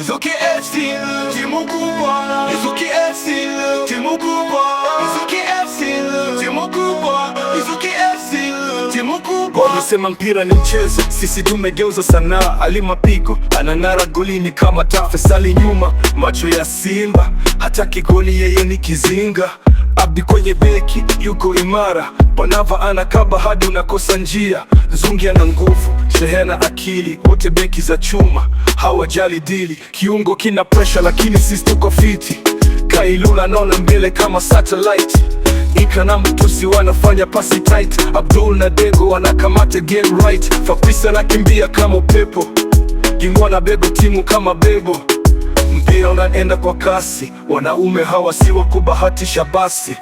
Ezoke Wanasema mpira ni mchezo, sisi tumegeuza sanaa. Ali Mapigo anang'ara golini kama taa, Fesali nyuma, macho ya simba, hataki goli yeye ni kizinga. Abdi kwenye beki yuko imara, Panava anakaba hadi unakosa njia. Zungi ana nguvu, Shehe na akili, wote beki za chuma hawajali dili. Kiungo kina pressure, lakini sisi tuko fiti. Kailula naona mbele kama satellite Ika na Mtusi wanafanya pasi tight, Abdul na Dego wanakamata game right, Fapisa na kimbia kama pepo, Gingwa na Bego timu kama bebo. Mpira unaenda kwa kasi, wanaume hawa si wa kubahatisha basi.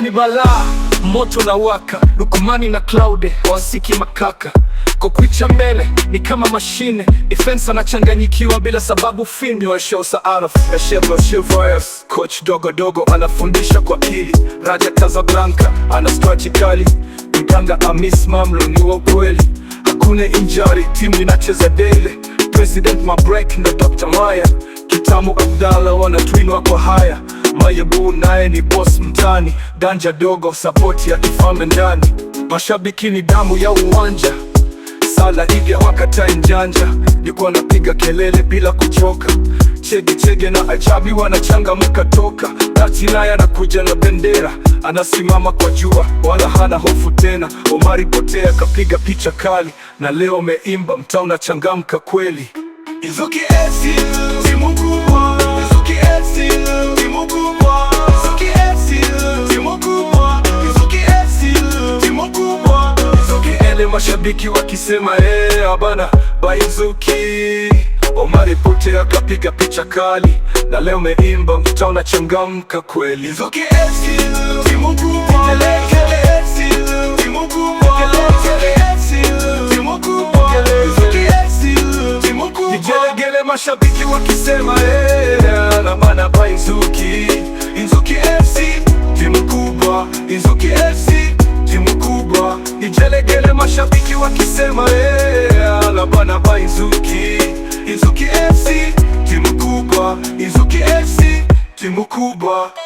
Ni balaa moto na waka, Lukumani na Klaude wasiki makaka kwicha mbele ni kama mashine defense, anachanganyikiwa bila sababu. Fimbo ya Sheusa Araf ya Shevro coach dogo dogo anafundisha kwa ili Raja Casablanca ana strategy kali, mtanga Amis Mamlo ni wa kweli, hakuna injari, timu inacheza daily. President break na Dr. Maya Kitamu wana wanatwinwa kwa haya Mayebu naye ni boss mtani, danja dogo sapoti ya kifame ndani, mashabiki ni damu ya uwanja la ivya wakata njanja, nikuwa napiga kelele bila kuchoka. Chege chege na ajabi wanachangamka toka Datinaya anakuja na bendera, anasimama kwa jua, wala hana hofu tena. Omari Potea kapiga picha kali, na leo meimba, mtaa unachangamka kweli. Izuki Exi timu kubwa, Izuki Exi timu kubwa mashabiki wakisema ee, abana Baizuki Omari Pute akapiga picha kali, na leo meimba mtaa unachangamka kweli. Zuki timu timu timu Zuki timu mashabiki wakisema ee, eh, abana Baizuki wakisema eh, ala bana ba Inzuki, Inzuki FC timu kubwa, Inzuki FC timu kubwa.